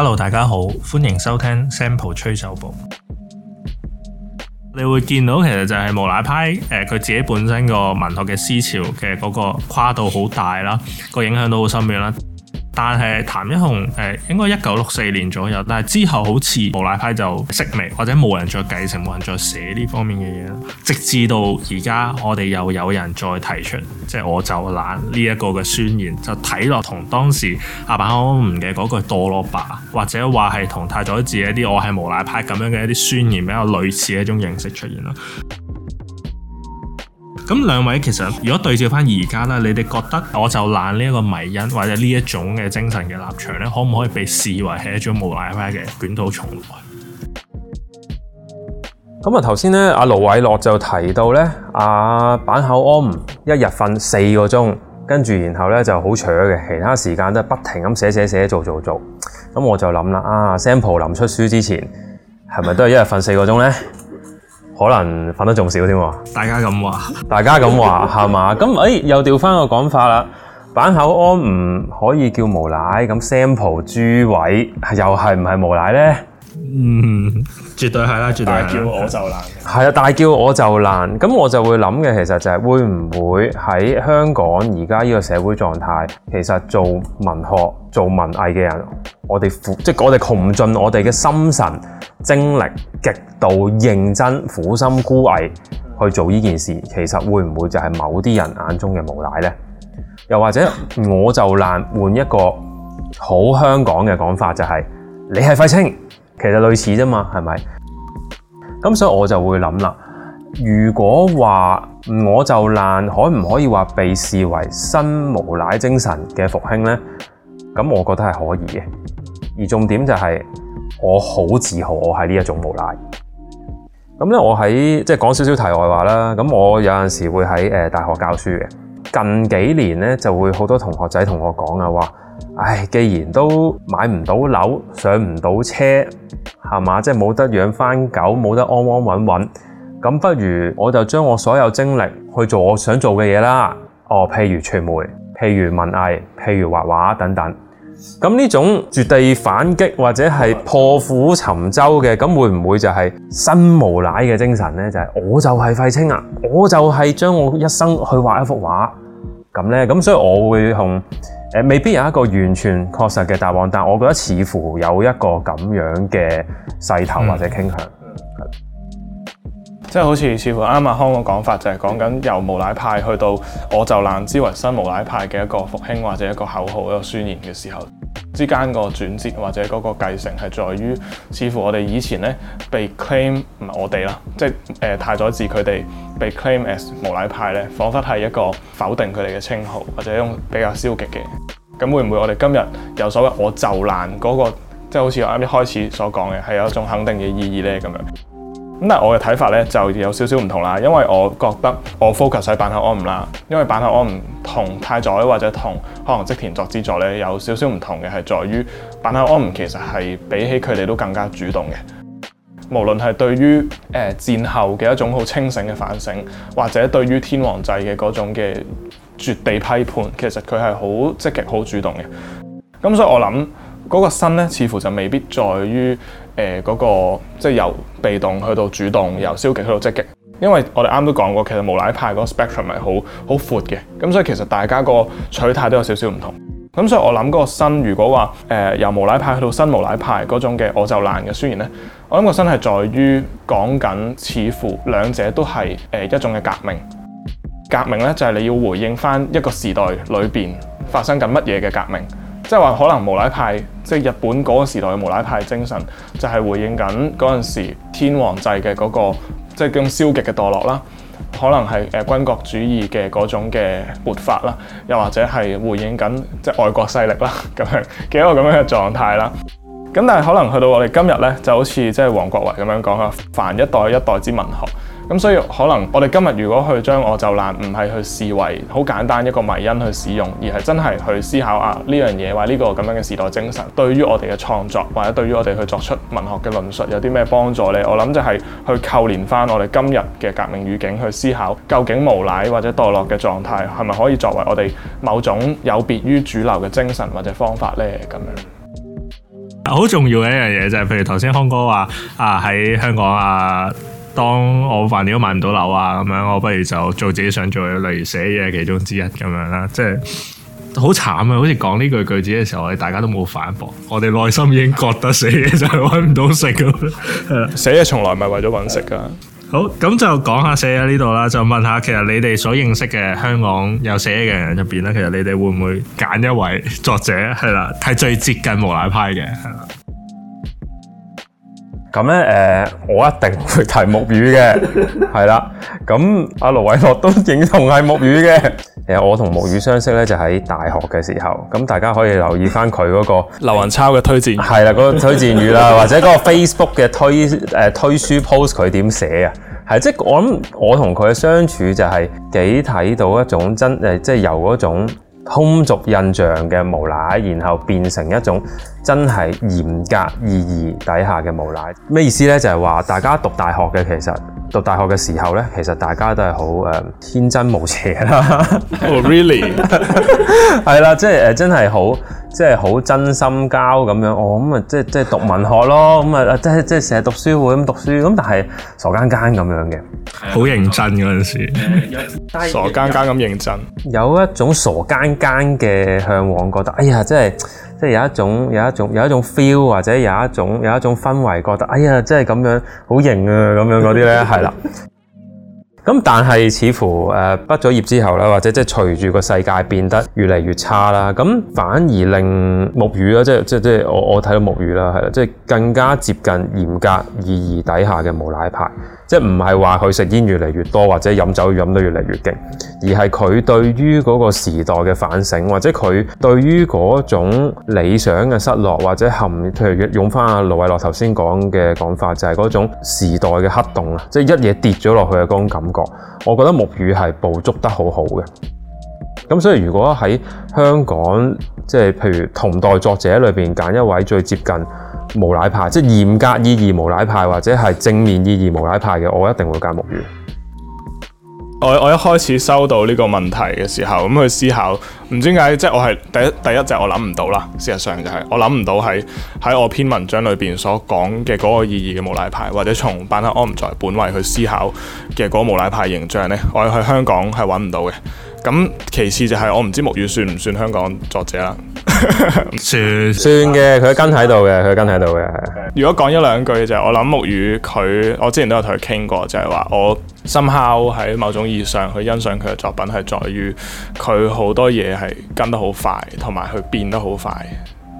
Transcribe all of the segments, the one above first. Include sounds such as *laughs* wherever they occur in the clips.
Hello，大家好，歡迎收聽 Sample 吹手部。你會見到，其實就係無賴派，誒，佢自己本身個文學嘅思潮嘅嗰個跨度好大啦，個影響都好深遠啦。但係譚一雄誒應該一九六四年左右，但係之後好似無賴派就式微，或者冇人再繼承，冇人再寫呢方面嘅嘢啦。直至到而家，我哋又有人再提出，即係我就懶呢、這個、一個嘅宣言，就睇落同當時坂口安吾嘅嗰句墮落吧，或者話係同太宰治一啲我係無賴派咁樣嘅一啲宣言比較類似嘅一種形式出現啦。咁兩位其實如果對照返而家咧，你哋覺得我就爛呢一個迷因或者呢一種嘅精神嘅立場咧，可唔可以被視為係一種無賴派嘅捲土重來？咁啊，頭先咧，阿盧偉樂就提到咧，阿、啊、板口安一日瞓四個鐘，跟住然後咧就好扯嘅，其他時間都係不停咁寫寫寫、做做做。咁我就諗啦，啊 sample 臨出書之前係咪都係一日瞓四個鐘咧？可能瞓得仲少添喎，大家咁話，大家咁話係嘛？咁誒、 *laughs* 欸、又調翻個講法啦，板口安唔可以叫無賴，咁 sample 朱位又係唔係無賴呢？嗯，絕對係啦，絕對係。叫我就爛，係啊，大叫我就爛。咁我，我就會諗嘅，其實就係會唔會喺香港而家呢個社會狀態，其實做文學。做文藝嘅人，我哋苦即係我哋窮盡我哋嘅心神精力，極度認真苦心孤詣去做呢件事，其實會唔會就係某啲人眼中嘅無賴呢？又或者我就爛換一個好香港嘅講法，就係，就係你係廢青，其實類似啫嘛，係咪？咁所以我就會諗啦。如果話我就爛，可唔可以話被視為新無賴精神嘅復興呢？」咁我覺得係可以嘅，而重點就係，我好自豪，我係呢一種無賴。咁咧，我喺即係講少少題外話啦。咁我有陣時會喺大學教書嘅，近幾年咧就會好多同學仔同我講啊，話：，唉，既然都買唔到樓，上唔到車，係咪，即係冇得養返狗，冇得安安穩穩，咁不如我就將我所有精力去做我想做嘅嘢啦。哦，譬如傳媒。譬如文藝，譬如畫畫等等，咁呢種絕地反擊或者係破釜沉舟嘅，咁會唔會就係新無賴嘅精神呢？就係、是、我就係廢青啊，我就係將我一生去畫一幅畫咁呢。咁所以我會同誒、呃，未必有一個完全確實嘅答案，但我覺得似乎有一個咁樣嘅勢頭或者傾向，嗯。係。即係好似似乎啱阿康個講法，就係講緊由無賴派去到我就爛之為新無賴派嘅一個復興或者一個口號、一個宣言嘅時候，之間個轉折或者嗰個繼承係在於似乎我哋以前咧被 claim 唔係我哋啦，即係誒太宰治佢哋被 claim as 無賴派咧，彷彿係一個否定佢哋嘅稱號或者一種比較消極嘅。咁會唔會我哋今日有所謂我就爛嗰個，即係好似我啱啱開始所講嘅，係有一種肯定嘅意義咧咁樣？咁但我嘅睇法咧就有少少唔同啦，因為我覺得我 focus 喺坂口安吾啦，因為坂口安吾同太宰或者同可能織田作之助咧有少少唔同嘅係在於坂口安吾其實係比起佢哋都更加主動嘅，無論係對於誒、呃、戰後嘅一種好清醒嘅反省，或者對於天皇制嘅嗰種嘅絕地批判，其實佢係好積極好主動嘅。咁所以我諗。嗰個新咧，似乎就未必在於誒嗰、呃那個即係由被動去到主動，由消極去到積極。因為我哋啱都講過，其實無賴派嗰個 spectrum 係好好闊嘅，咁所以其實大家個取態都有少少唔同。咁所以我諗嗰個新，如果話誒、呃、由無賴派去到新無賴派嗰種嘅我就難嘅，雖然咧，我諗個新係在於講緊，似乎兩者都係誒、呃、一種嘅革命。革命咧就係、是、你要回應翻一個時代裏邊發生緊乜嘢嘅革命。即係話可能無賴派，即係日本嗰個時代嘅無賴派精神，就係回應緊嗰陣時天皇制嘅嗰、嗰個即係咁消極嘅墮落啦，可能係誒軍國主義嘅嗰種嘅活法啦，又或者係回應緊即係外國勢力啦，咁 *laughs* 樣幾多咁樣嘅狀態啦。咁但係可能去到我哋今日咧，就好似即係王國維咁樣講啊，凡一代一代之文學。咁所以可能我哋今日如果去將我就難，唔係去視為好簡單一個迷因去使用，而係真係去思考啊呢樣嘢，話呢個咁樣嘅時代精神，對於我哋嘅創作或者對於我哋去作出文學嘅論述，有啲咩幫助咧？我諗就係去扣連翻我哋今日嘅革命語境去思考，究竟無賴或者墮落嘅狀態係咪可以作為我哋某種有別於主流嘅精神或者方法咧？咁樣好重要嘅一樣嘢就係、是，譬如頭先康哥話啊喺香港啊。當我凡幾都買唔到樓啊咁樣，我不如就做自己想做嘅，例如寫嘢其中之一咁樣啦。即係好慘啊！好似講呢句句子嘅時候，我哋大家都冇反駁，我哋內心已經覺得寫嘢就係搵唔到食咁。係啦，寫嘢從來唔係為咗搵食㗎。 *laughs* 好，咁就講下寫喺呢度啦。就問下其，其實你哋所認識嘅香港有寫嘢嘅人入邊咧，其實你哋會唔會揀一位作者？係啦，係最接近無賴派嘅係啦。咁咧，誒、呃，我一定會提木魚嘅，係啦。 *laughs* 咁阿盧偉樂都認同係木魚嘅。其實，我同木魚相識咧，就喺、是、大學嘅時候。咁大家可以留意翻佢嗰個劉雲超嘅推薦，係啦， *laughs* 嗰、那個推薦語啦， *laughs* 或者嗰個 Facebook 嘅推誒、呃、推書 post，佢點寫啊？係即係我諗，我同佢嘅相處就係幾睇到一種真誒，即、呃、係、就是、由嗰種。空俗印象嘅無賴，然後變成一種真係嚴格意義底下嘅無賴。咩意思呢？就係、是、話大家讀大學嘅，其實讀大學嘅時候呢，其實大家都係好、呃、天真無邪啦。 *laughs* Oh, really？係 *laughs* 啦， *laughs* 即係、呃、真係好。即係好真心交咁樣，哦咁啊，即係即係讀文學咯，咁啊，即係即係成日讀書會咁讀書，咁但係傻更更咁樣嘅，好認真嗰陣時，這個、 *laughs* 傻更更咁認真，有一種傻更更嘅向往，覺得哎呀，即係即係有一種有一種有一種 feel，或者有一種有一種氛圍，覺得哎呀，即係咁樣好型啊，咁樣嗰啲咧，係啦。 *laughs* 咁但係似乎誒、啊、畢咗業之後啦，或者即係隨住個世界變得越嚟越差啦，咁反而令木魚啦，即即即我我睇到木魚啦，係啦，即、即係、更加接近嚴格意義底下嘅無賴派。即係唔係話佢食煙越嚟越多，或者飲酒飲得越嚟越勁，而係佢對於嗰個時代嘅反省，或者佢對於嗰種理想嘅失落，或者含譬如用翻阿盧偉樂頭先講嘅講法，就係、是、嗰種時代嘅黑洞啊！即係一嘢跌咗落去嘅嗰種感覺。我覺得木魚係捕捉得好好嘅。咁所以如果喺香港，即係譬如同代作者裏邊揀一位最接近，無賴派，即係嚴格意義無賴派，或者係正面意義無賴派嘅，我一定會揀木魚。我我一開始收到呢個問題嘅時候，咁去思考，唔知點解，即係我係第第一隻我諗唔到啦。事實上就係、是、我諗唔到喺喺我篇文章裏邊所講嘅嗰個意義嘅無賴派，或者從班克安唔在本位去思考嘅嗰個無賴派形象呢，我喺香港係揾唔到嘅。咁其次就係我唔知木魚算唔算香港作者啦算 *laughs* 算，算嘅，佢跟喺度嘅，佢跟喺度嘅。如果講一兩句就係、是、我諗木魚佢，我之前都有同佢傾過，就係、是、話我 somehow 喺某種意義上去欣賞佢嘅作品係在於佢好多嘢係跟得好快，同埋佢變得好快，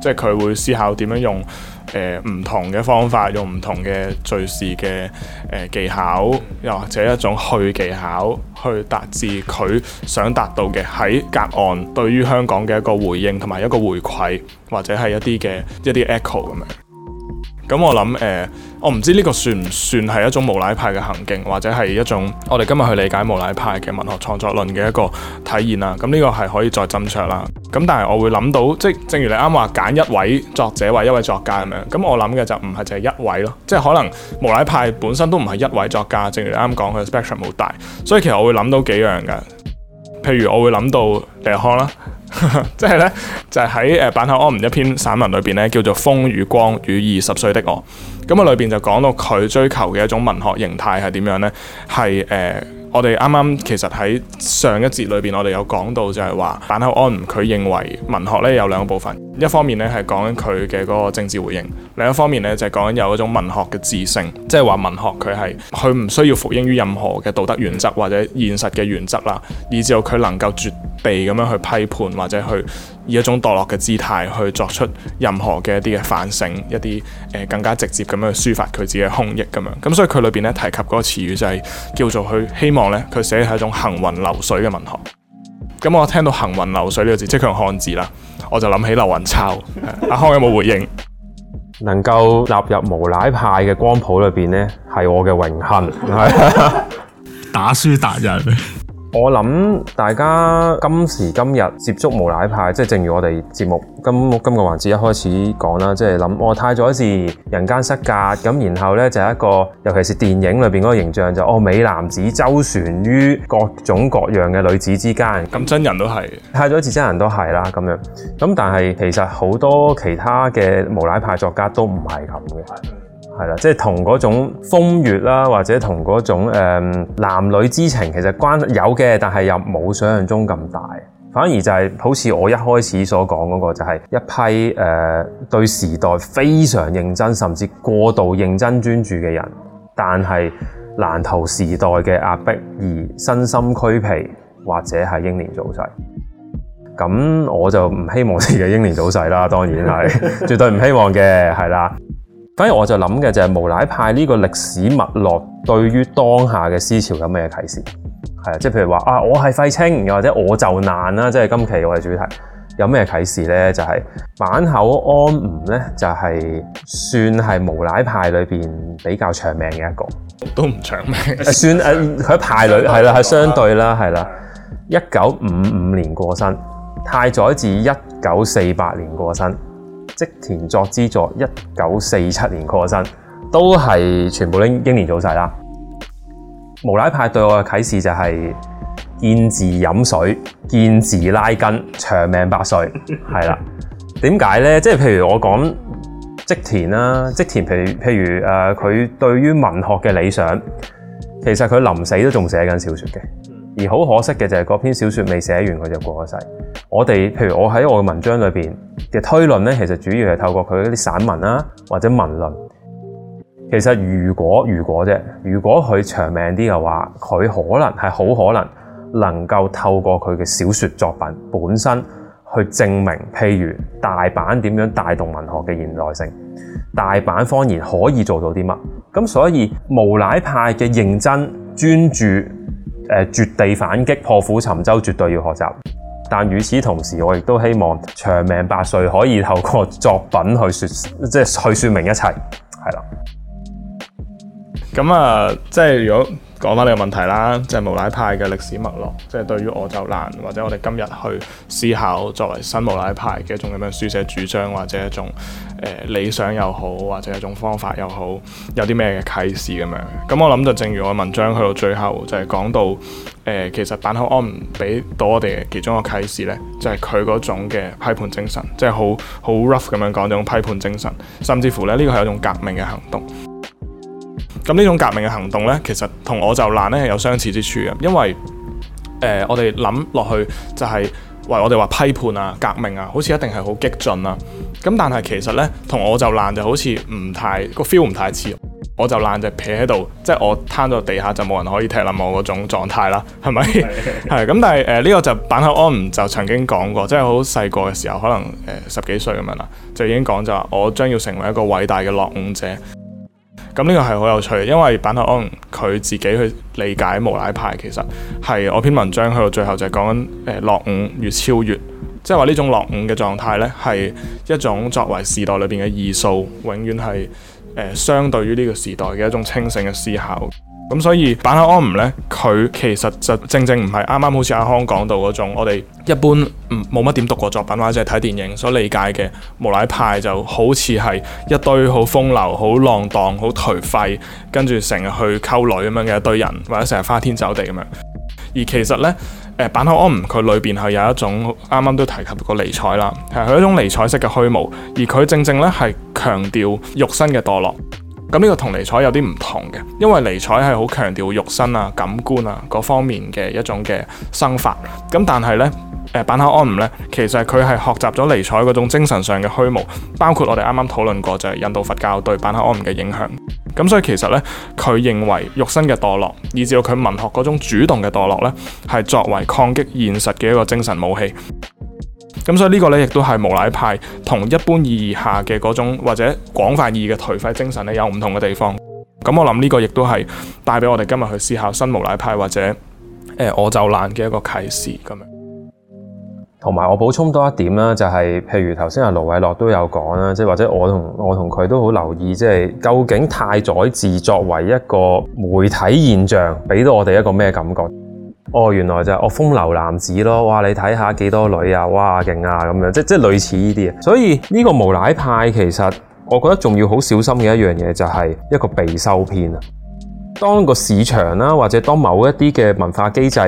即係佢會思考點樣用。誒唔、呃、同嘅方法，用唔同嘅敘事嘅誒、呃、技巧，又或者一種去技巧，去達至佢想達到嘅喺隔岸對於香港嘅一個回應同埋一個回饋，或者係一啲嘅一啲 echo 咁樣。咁我諗誒、呃，我唔知呢個算唔算係一種無賴派嘅行徑，或者係一種我哋今日去理解無賴派嘅文學創作論嘅一個體現啦。咁呢個係可以再斟酌啦。咁但係我會諗到，即係正如你啱啱話揀一位作者或一位作家咁樣。咁我諗嘅就唔係淨係一位咯，即係可能無賴派本身都唔係一位作家。正如你啱講，佢嘅 spectrum 好大，所以其實我會諗到幾樣噶。譬如我會諗到誒，康啦。即係呢， *laughs* 就喺誒坂口安吾一篇散文裏邊呢，叫做《風與光與二十歲的我》。咁啊，裏邊就講到佢追求嘅一種文學形態係點樣呢？係誒。呃我哋啱啱其實喺上一節裏邊，我哋有講到就係話，板厚安佢認為文學呢有兩個部分，一方面呢係講緊佢嘅嗰個政治回應，另一方面呢就係講緊有一種文學嘅自性，即係話文學佢係佢唔需要服膺於任何嘅道德原則或者現實嘅原則啦，以至於佢能夠絕地咁樣去批判或者去。以一種墮落嘅姿態去作出任何嘅一啲嘅反省，一啲誒、呃、更加直接咁樣去抒發佢自己嘅胸臆咁樣。咁所以佢裏邊咧提及嗰個詞語就係、是、叫做佢希望咧，佢寫係一種行雲流水嘅文學。咁我聽到行雲流水呢、這個字，即係佢用漢字啦，我就諗起劉雲鶴。阿、 *laughs* 啊、康有冇回應？能夠納入無賴派嘅光譜裏邊呢係我嘅榮幸。 *laughs* 打輸達人。我諗大家今時今日接觸無賴派，即係正如我哋節目今今個環節一開始講啦，即係諗哦，太宰治人間失格，咁，然後呢，就一個，尤其是電影裏邊嗰個形象就哦美男子周旋於各種各樣嘅女子之間，咁真人都係太宰治真人都係啦，咁樣咁但係其實好多其他嘅無賴派作家都唔係咁嘅。係啦，即係同嗰種風月啦，或者同嗰種誒、嗯、男女之情，其實關有嘅，但係又冇想象中咁大。反而就係、是、好似我一開始所講嗰、那個，就係、是、一批誒、呃、對時代非常認真，甚至過度認真專注嘅人，但係難逃時代嘅壓迫而身心俱疲，或者係英年早逝。咁我就唔希望自己英年早逝啦，當然係 *laughs* 絕對唔希望嘅，係啦。反而我就諗嘅就係無賴派呢個歷史脈絡，對於當下嘅思潮有咩嘅啟示？係啊，即係譬如話啊，我係廢青，又或者我就難啦、啊，即係今期我哋主題有咩啟示呢？就係、是、坂口安吾咧，就係、是、算係無賴派裏面比較長命嘅一個，都唔長命，算誒佢派裏係啦，係、 *laughs* 啊、相對啦，係啦，一九五五年過身，太宰治，一九四八年過身。織田作之助一九四七年過身，都係全部拎英年早逝啦。無賴派對我嘅啟示就係見字飲水，見字拉筋，長命百歲，係啦。點解咧？即係譬如我講織田啦，織田，譬譬如誒，佢、呃、對於文學嘅理想，其實佢臨死都仲寫緊小說嘅。而好可惜嘅就係嗰篇小説未寫完，佢就過咗世。我哋譬如我喺我嘅文章裏面嘅推論呢，其實主要係透過佢一啲散文啦或者文論。其實如果如果啫，如果佢長命啲嘅話，佢可能係好可能能夠透過佢嘅小説作品本身去證明，譬如大阪點樣帶動文學嘅現代性，大阪方言可以做到啲乜。咁所以無賴派嘅認真專注。誒、呃、絕地反擊、破釜沉舟，絕對要學習。但與此同時，我亦都希望長命百歲，可以透過作品去説，即係去説明一切，係啦。咁啊、呃，即係如果。講翻呢個問題啦，即係無賴派嘅歷史脈絡，即係對於我就難，或者我哋今日去思考作為新無賴派嘅一種咁樣書寫主張，或者一種誒、呃、理想又好，或者一種方法又好，有啲咩嘅啟示咁樣？咁我諗就正如我文章去到最後，就係、是、講到誒、呃，其實坂口安俾到我哋嘅其中一個啟示咧，就係佢嗰種嘅批判精神，即係好好 rough 咁樣講，種批判精神，甚至乎咧呢個係一種革命嘅行動。咁呢種革命嘅行動呢，其實同我就爛呢有相似之處嘅，因為、呃、我哋諗落去就係、是、話、呃、我哋話批判啊、革命啊，好似一定係好激進啦、啊。咁但係其實呢，同我就爛就好似唔太個 feel 唔太似。我就爛就撇喺度，即、就、係、是、我攤咗地下就冇人可以踢冧我嗰種狀態啦，係咪？係咁， *laughs* *laughs* 但係誒呢個就坂口安吾就曾經講過，即係好細個嘅時候，可能、呃、十幾歲咁樣啦，就已經講就話我將要成為一個偉大嘅落伍者。咁呢、嗯，這個係好有趣，因為板後安佢自己去理解無賴派，其實係我篇文章去到最後就係講緊誒落伍越超越，即係話呢種落伍嘅狀態呢，係一種作為時代裏邊嘅異數，永遠係、呃、相對於呢個時代嘅一種清醒嘅思考。咁、嗯、所以坂口安吾咧？佢其實就正正唔係啱啱好似阿康講到嗰種，我哋一般唔冇乜點讀過作品或者係睇電影所理解嘅無賴派，就好似係一堆好風流、好浪蕩、好頹廢，跟住成日去溝女咁樣嘅一堆人，或者成日花天酒地咁樣。而其實咧，誒坂口安吾佢裏邊係有一種啱啱都提及過尼采啦，係佢一種尼采式嘅虛無，而佢正正咧係強調肉身嘅墮落。咁呢個同尼采有啲唔同嘅，因為尼采係好強調肉身啊、感官啊嗰方面嘅一種嘅生法。咁但係呢，誒、呃，板克安唔咧，其實佢係學習咗尼采嗰種精神上嘅虛無，包括我哋啱啱討論過就係印度佛教對板克安唔嘅影響。咁所以其實呢，佢認為肉身嘅墮落，以至到佢文學嗰種主動嘅墮落呢，係作為抗擊現實嘅一個精神武器。咁所以呢個呢，亦都係無賴派同一般意義下嘅嗰種或者廣泛意義嘅頹廢精神呢有唔同嘅地方。咁我諗呢個亦都係帶俾我哋今日去思考新無賴派或者誒、欸、我就難嘅一個啟示咁樣。同埋我補充多一點啦，就係、是、譬如頭先阿盧偉樂都有講啦，即、就、係、是、或者我同我同佢都好留意，即、就、係、是、究竟太宰治作為一個媒體現象，俾到我哋一個咩感覺？哦，原來就係我風流男子咯！哇，你睇下幾多女啊！哇，勁啊咁樣，即即類似呢啲啊。所以呢個無賴派其實，我覺得仲要好小心嘅一樣嘢就係一個被收編啊。當個市場啦，或者當某一啲嘅文化機制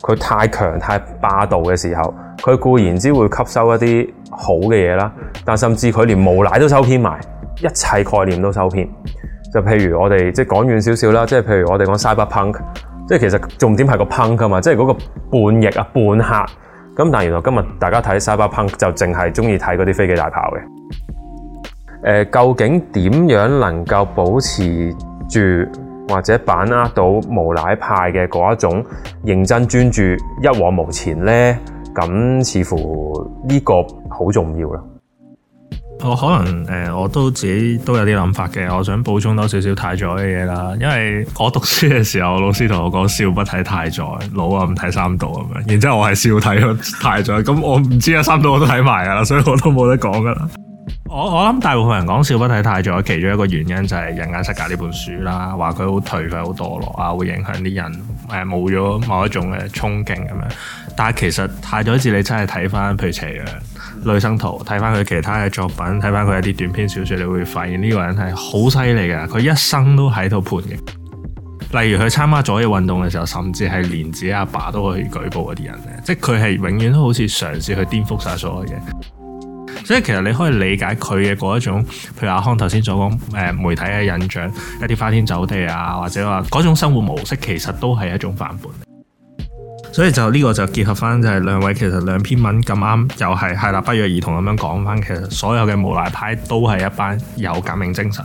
佢太強太霸道嘅時候，佢固然之會吸收一啲好嘅嘢啦，但甚至佢連無賴都收編埋，一切概念都收編。就譬如我哋即講遠少少啦，即係譬如我哋講 cyberpunk。即係其實重點係個 punk 嘛，即係嗰個半翼啊半黑咁，但原來今日大家睇 cyberpunk 就淨係鍾意睇嗰啲飛機大炮嘅。誒、呃，究竟點樣能夠保持住或者把握到無賴派嘅嗰一種認真專注一往無前呢？咁似乎呢個好重要啦。我可能誒、呃，我都自己都有啲諗法嘅。我想補充多少少太宰嘅嘢啦，因為我讀書嘅時候，老師同我講，少不睇太宰，老啊唔睇三島咁樣。然之後我係少睇太宰，咁我唔知啊，三島我都睇埋啊，所以我都冇得講噶啦。我我諗大部分人講少不睇太宰，其中一個原因就係《人間失格》呢本書啦，話佢好頹廢、好墮落啊，會影響啲人。誒，冇咗某一種嘅衝勁咁樣，但係其實太宰治你真係睇翻譬如，斜陽《女生圖》，睇翻佢其他嘅作品，睇翻佢一啲短篇小說，你會發現呢個人係好犀利嘅，佢一生都喺度叛嘅。例如佢參加左翼運動嘅時候，甚至係連自己阿爸都可以舉報嗰啲人嘅，即係佢係永遠都好似嘗試去顛覆晒所有嘢。所以其實你可以理解佢嘅嗰一種，譬如阿康頭先所講，誒、呃、媒體嘅印象，一啲花天酒地啊，或者話嗰種生活模式，其實都係一種反叛。所以就呢、呢個就結合翻就係兩位，其實兩篇文咁啱又係係啦，不約而同咁樣講翻，其實所有嘅無賴派都係一班有革命精神、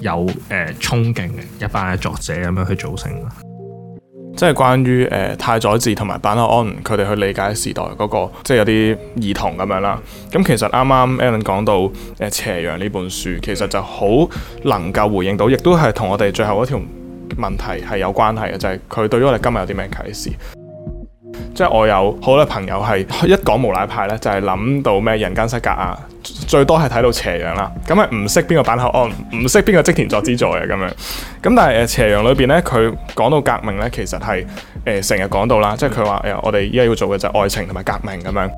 有誒憧憬嘅一班嘅作者咁樣去組成。即係關於誒、呃、太宰治同埋板野安，佢哋去理解時代嗰、那個，即係有啲異同咁樣啦。咁其實啱啱 Alan 講到誒《斜、呃、陽》呢本書，其實就好能夠回應到，亦都係同我哋最後一條問題係有關係嘅，就係、是、佢對於我哋今日有啲咩啟示。 *music* 即係我有好多朋友係一講無賴派呢，就係諗到咩人間失格啊。最多係睇到斜陽啦，咁係唔識邊個版客，哦唔識邊個織田作之助嘅咁樣，咁但係誒斜陽裏邊咧，佢、呃、講到革命咧，其實係誒成日講到啦，即係佢話誒我哋依家要做嘅就係愛情同埋革命咁樣，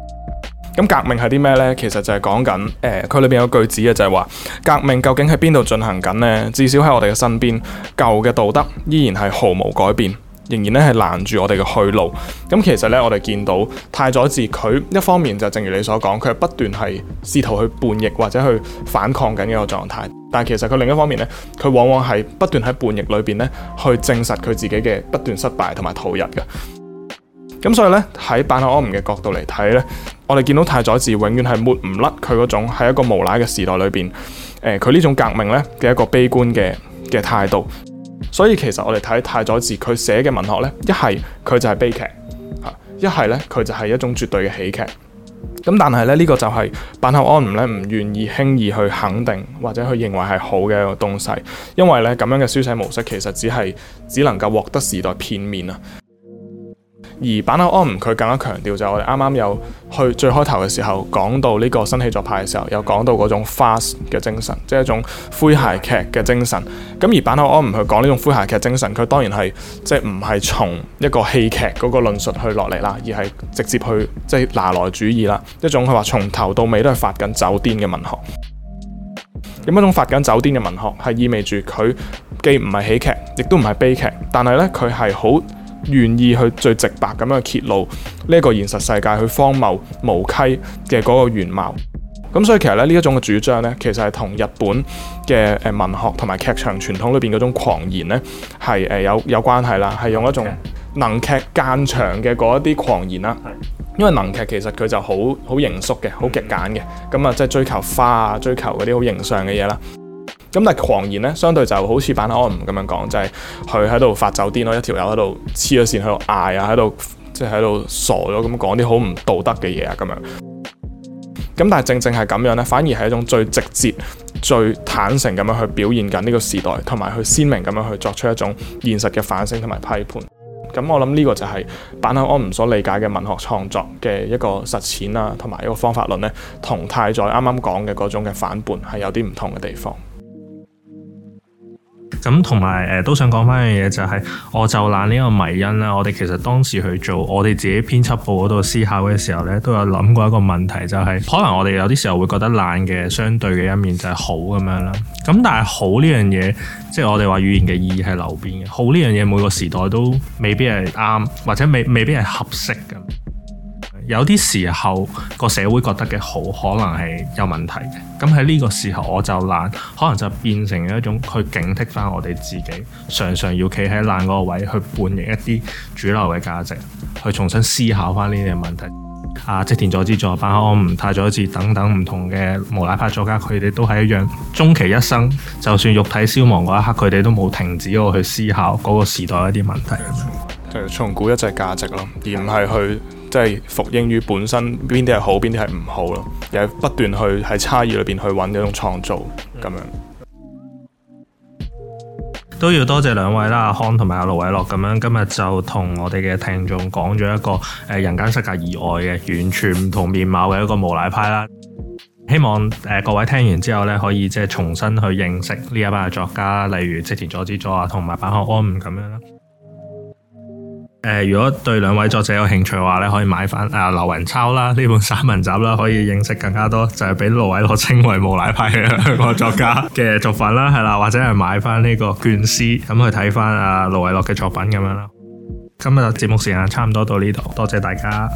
咁革命係啲咩咧？其實就係講緊誒佢裏邊有句子嘅就係話革命究竟喺邊度進行緊咧？至少喺我哋嘅身邊，舊嘅道德依然係毫無改變。仍然咧係攔住我哋嘅去路。咁其實咧，我哋見到太宰治佢一方面就正如你所講，佢係不斷係試圖去叛逆或者去反抗緊呢個狀態。但其實佢另一方面咧，佢往往係不斷喺叛逆裏邊咧去證實佢自己嘅不斷失敗同埋逃逸嘅。咁所以咧，喺柏拉安奧嘅角度嚟睇咧，我哋見到太宰治永遠係抹唔甩佢嗰種喺一個無賴嘅時代裏邊，誒佢呢種革命咧嘅一個悲觀嘅嘅態度。所以其實我哋睇太宰治佢寫嘅文學呢，一係佢就係悲劇，一係呢，佢就係一種絕對嘅喜劇。咁但係咧呢，呢個就係坂口安吾咧唔願意輕易去肯定或者佢認為係好嘅一個東西，因為呢，咁樣嘅書寫模式其實只係只能夠獲得時代片面啊。而坂口安吾佢更加強調就係我哋啱啱有去最開頭嘅時候講到呢個新戲作派嘅時候，有講到嗰種 farce 嘅精神，即係一種詼諧劇嘅精神。咁而坂口安吾去講呢種詼諧劇精神，佢當然係即係唔係從一個戲劇嗰個論述去落嚟啦，而係直接去即係、就是、拿來主義啦，一種佢話從頭到尾都係發緊酒癲嘅文學。咁一種發緊酒癲嘅文學係意味住佢既唔係喜劇，亦都唔係悲劇，但係呢，佢係好願意去最直白咁樣揭露呢一個現實世界去荒謬無稽嘅嗰個原貌，咁所以其實咧呢一種嘅主張呢，其實係同日本嘅誒文學同埋劇場傳統裏邊嗰種狂言呢係誒有有關係啦，係用一種能劇間場嘅嗰一啲狂言啦，因為能劇其實佢就好好嚴肅嘅，好極簡嘅，咁啊即係追求花啊，追求嗰啲好形象嘅嘢啦。咁但係狂言咧，相對就好似坂口安吾咁樣講，就係佢喺度發酒癲咯，一條友喺度黐咗線，喺度嗌啊，喺度即係喺度傻咗咁講啲好唔道德嘅嘢啊，咁樣。咁但係正正係咁樣咧，反而係一種最直接、最坦誠咁樣去表現緊呢個時代，同埋去鮮明咁樣去作出一種現實嘅反省同埋批判。咁我諗呢個就係坂口安吾所理解嘅文學創作嘅一個實踐啦、啊，同埋一個方法論咧，太剛剛同太宰啱啱講嘅嗰種嘅反叛係有啲唔同嘅地方。咁同埋誒都想講翻一樣嘢就係，我就懶呢個迷因啦。我哋其實當時去做，我哋自己編輯部嗰度思考嘅時候咧，都有諗過一個問題，就係可能我哋有啲時候會覺得懶嘅相對嘅一面就係好咁樣啦。咁但係好呢樣嘢，即係我哋話語言嘅意義係流變嘅。好呢樣嘢每個時代都未必係啱，或者未未必係合適嘅。有啲時候個社會覺得嘅好，可能係有問題嘅。咁喺呢個時候，我就爛，可能就變成一種去警惕翻我哋自己，常常要企喺爛嗰個位去叛逆一啲主流嘅價值，去重新思考翻呢啲問題。啊，織田作之助，安吾、太宰治等等唔同嘅無賴派作家，佢哋都係一樣，終其一生，就算肉體消亡嗰一刻，佢哋都冇停止過去思考嗰個時代一啲問題。就重估一隻價值咯，而唔係去。即係服英語本身邊啲係好，邊啲係唔好咯？又不斷去喺差異裏邊去揾一種創造咁樣，都要多謝兩位啦，阿康同埋阿盧偉樂咁樣，今日就同我哋嘅聽眾講咗一個誒《人間失格》以外嘅完全唔同面貌嘅一個無賴派啦。希望誒各位聽完之後呢，可以即係重新去認識呢一班嘅作家，例如織田作之助啊，同埋坂口安吾咁樣啦。誒，如果對兩位作者有興趣嘅話咧，可以買翻啊劉雲超啦呢本散文集啦，可以認識更加多就係俾盧偉樂稱為無賴派嘅個 *laughs* 作家嘅作品啦，係啦，或者係買翻呢個卷詩咁去睇翻啊盧偉樂嘅作品咁樣啦。今日節目時間差唔多到呢度，多謝大家。